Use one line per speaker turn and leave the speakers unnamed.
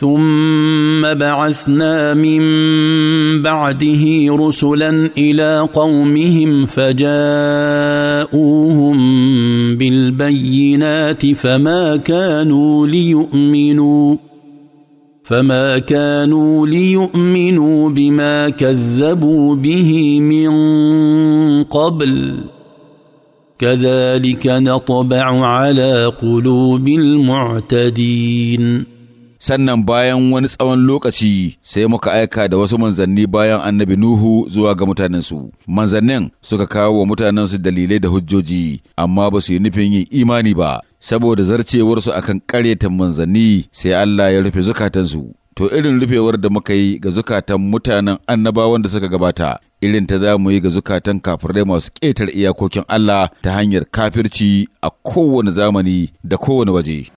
ثم بعثنا من بعده رسلا الى قومهم فجاءوهم بالبينات فما كانوا ليؤمنوا فما كانوا ليؤمنوا بما كذبوا به من قبل كذلك نطبع على قلوب المعتدين sannan
bayan wani tsawon lokaci sai muka aika da wasu manzanni bayan annabi Nuhu zuwa ga mutanensu. Manzannin suka kawo wa mutanensu dalilai da hujjoji, amma ba su yi nufin yin imani ba, saboda zarcewarsu a kan ƙaryatan manzanni sai Allah ya rufe zukatansu. To irin rufewar da muka yi ga zukatan mutanen annabawan da suka gabata, irin ta za mu yi ga zukatan kafirai masu ƙetar iyakokin Allah ta hanyar kafirci a kowane zamani da kowane waje.